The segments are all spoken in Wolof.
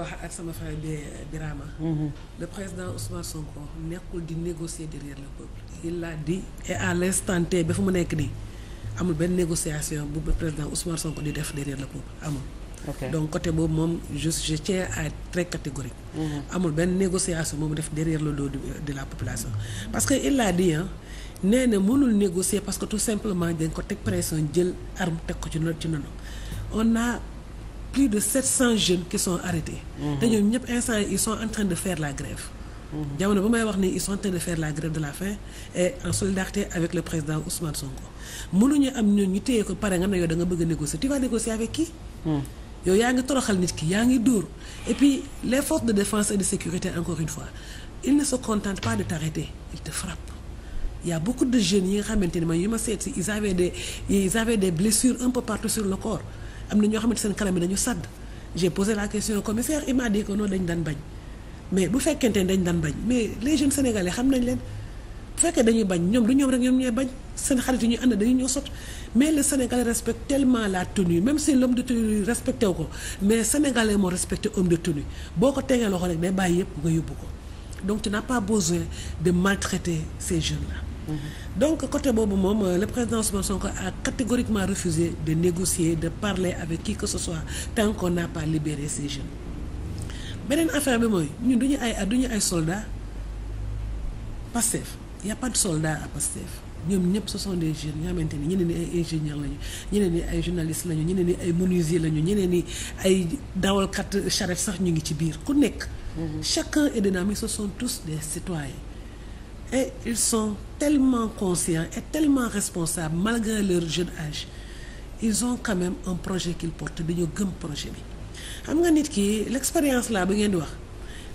wax ak sama frère bi Birama mhm. le président Ousmane Sonko nekkul di négocier derrière le peuple il l'a dit et à l'instant T ba fu mu nekk nii amul benn négociation bu président Ousmane Sonko di def derrière le peuple amul Okay. donc côté boobu moom juste je tiens à être mhm. amul benn négociation moom def derrière le dos de la population parce que il l'a dit ah nee na mënul négocier parce que tout simplement dañ ko teg pression jël arme teg ko ci non ci noonu on a plus de 700 jeunes qui sont arrêtés. Mhm. te ñoom ñëpp instant ils sont en train de faire la grève. Mhm. jamono ba may wax ni ils sont en de faire la grève de la faim et solidarité avec le président Ousmane Sonko mënuñu am ñun ñu téye ko pare nga ne yow da bëgg a négocier tu vas négocier avec qui. Hmm. yow yaa ngi toroxal nit ki yaa ngi dóor et puis les forces de défense et de sécurité encore une fois ils ne se contentent pas de t'arrêter ils te frappent. Il y a beaucoup yi nga xamante ni man ma seet si ils avaient des ils am na ñoo xamante seen kanam yi dañu sàdd j'ai posé la question commissaire il m'a dit que non dañ daan bañ mais bu fekkente ne dañ daan bañ mais les jeunes sénégalais xam nañ leen bu fekkee dañuy bañ ñoom du ñoom rek ñoom ñooy bañ seen xarit yi ñuy ànd dañuy ñëw sot mais le sénégalais respecte tellement la tenue même si l'homme de tenue respecté ko mais sénégalais moo respecté homme de tenue boo ko tegee loxo rek day bàyyi yëpp nga yóbbu ko donc tu n'as pas besoin de maltraiter ces jeunes là donc côté boobu moom euh, le président Ousmane Sonko a catégoriquement refusé de négocier de parler avec qui que ce soit tant qu'on par pas libéré ces jeunes beneen affaire bi mooy ñu du ñu ay duñu ay soldats Pastef y a pas de soldats à Pastef ñoom ñëpp ce sont des jeunes ñoo xamante ni ñeneen ñi ay ingénieurs lañu ñeneen ñi ay journalistes lañu ñeneen ni ay menuisiers lañu ñeneen ñi ay dawalkat charrette sax ñu ngi ci biir ku nekk. Mhm. chacun est dynamique ce sont tous des citoyens. et ils son tellement conscients et tellement responsables malgré leur jeune âge ils on quand même un projet qu'ils portent dañoo gëm projet bi xam nga nit ki l'expérience là ba ngeen di wax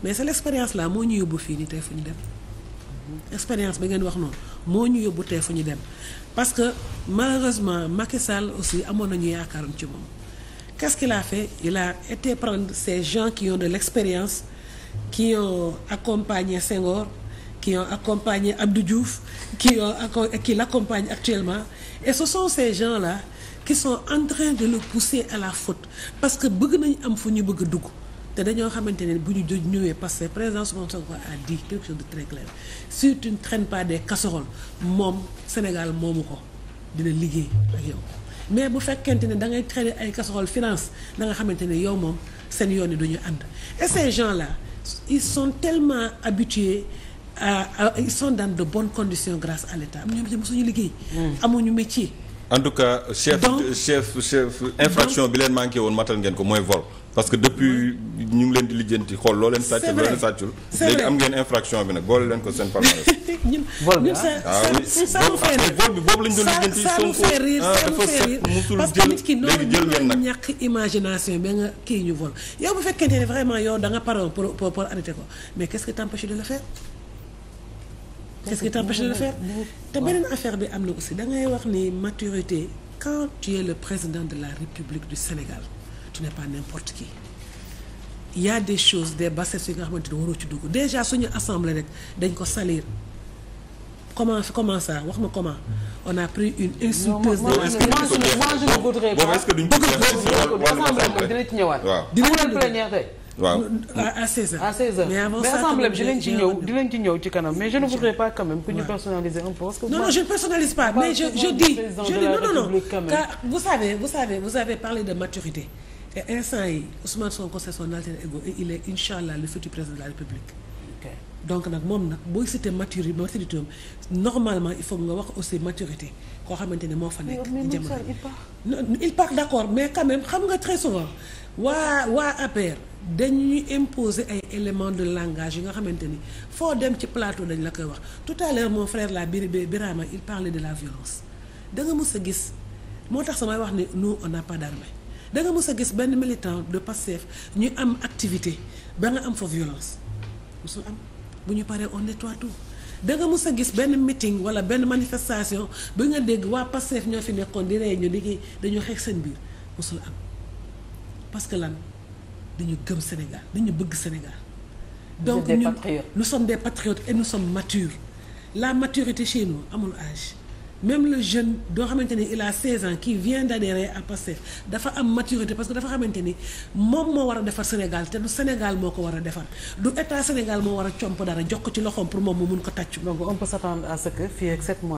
mais c'est l'expérience là moo ñu yóbbu fii nii tey fu ñu dem expérience ba ngeen wax noonu moo ñu yóbbu tey fu ñu dem parce que malheureusement Macky Sall aussi amoon nañu yaakaaroon ci moom qu'est-ce qu'il a fait il a été prendre ces gens qui ont de l'expérience qui qui ont accompagné Abdou Diouf qui ont qui l'accompagnent actuellement et ce sont ces gens-là qui sont en de le pousser à la faute parce que bëgg nañu am fu ñu bëgg a dugg te dañoo xamante ne bu ñu ñëwee parce que président Ousmane Sonko a dit quelque chose de très clair si ne traînes pas des casseroles moom Sénégal moomu ko dina liggéey ak yow mais bu fekkente ne da ngay traîner ay casseroles finance da nga xamante ne yow moom seen yoon yi du ñu ànd et ces gens-là ils ils sont dans de bonnes conditions grâce à l'État ñoom itam suñu liggéey. Hmm. amuñu métier. en tout cas chef chef infraction bi leen manqué woon matal ngeen ko mooy vol. parce que depuis ñu ngi leen di lijjanti xool loo sàccul loo leen am ngeen infraction bi nag boole leen ko seen palmarès. ñun ñun boobu lañ doon lijjanti. sa lu fee rek sa lu fee rek parce que nit ki noonu ñu ngi ñàkk imagination bi nga kii ñu vol. yow bu fekkente ne vraiment yow da nga pare pour pour arrêter ko mais qu'est-ce que t'empêche de le faire. qu'est-ce qui t'empêche de le faire te beneen affaire bi am na aussi da ngay wax ni maturité quand tu le président de la République du Sénégal tu n'es pas n'importe qui il de a des choses des yi nga xamante ni waroo ci dugg déjà suñu assemblée rek dañ ko salir comment wax ma comment on a pris une insulteuse. non est-ce que duñ ko dina ci ñëwaat. waaw dina ci ñëwaat waaw à 16h. à 16h mais avant ça assemblée bi dinañ ci ñëw dinañ ci ñëw ci kanam mais je ne voudrais pas quand même que ñu personnaliser un peu. parce que non non je ne personnalise pas mais je je dis je dis non non non car vous savez vous savez vous avez parlé de maturité et instant yi Ousmane Sonko c'est son alter ego et il est incha allah le futur président de la République. donc nag moom nag booy cité maturité maturité normalement il faut nga wax aussi maturité koo xamante ne moo fa nekk. jamono il part d' accord mais quand même xam nga très souvent waa waa APR dañuy imposer ay éléments de langage yi nga xamante ni foo dem ci palateau dañ la koy wax tout à l'heure mon frère la bir Birama il parlait de la violence da nga mës a gis moo tax samay wax ne nous on n'a pas d'armée da nga mës a gis benn militant de Pastef ñu am activité ba nga am fa musul am bu ñu paree on nettoie tout da nga mës a gis benn meeting wala benn manifestation bi nga dégg waa Pastef ñoo fi nekkoon di rey ñu liggéey dañoo xeex seen biir musul am parce que lan dañu gëm Sénégal dañu bëgg Sénégal. donc ñun nous sommes des patriotes et nous sommes matures la maturité chez amul age même le jeune doo xamante ni il a 16 ans qui vient d'adhérer à PASTEF dafa am maturité parce que dafa xamante ni moom moo war a defar Sénégal te du Sénégal moo ko war a defar du état Sénégal moo war a comp dara jox ko ci loxoom pour moom mu mun ko tàcc. donc on peut s'attendre à ce que fii ak 7 mois.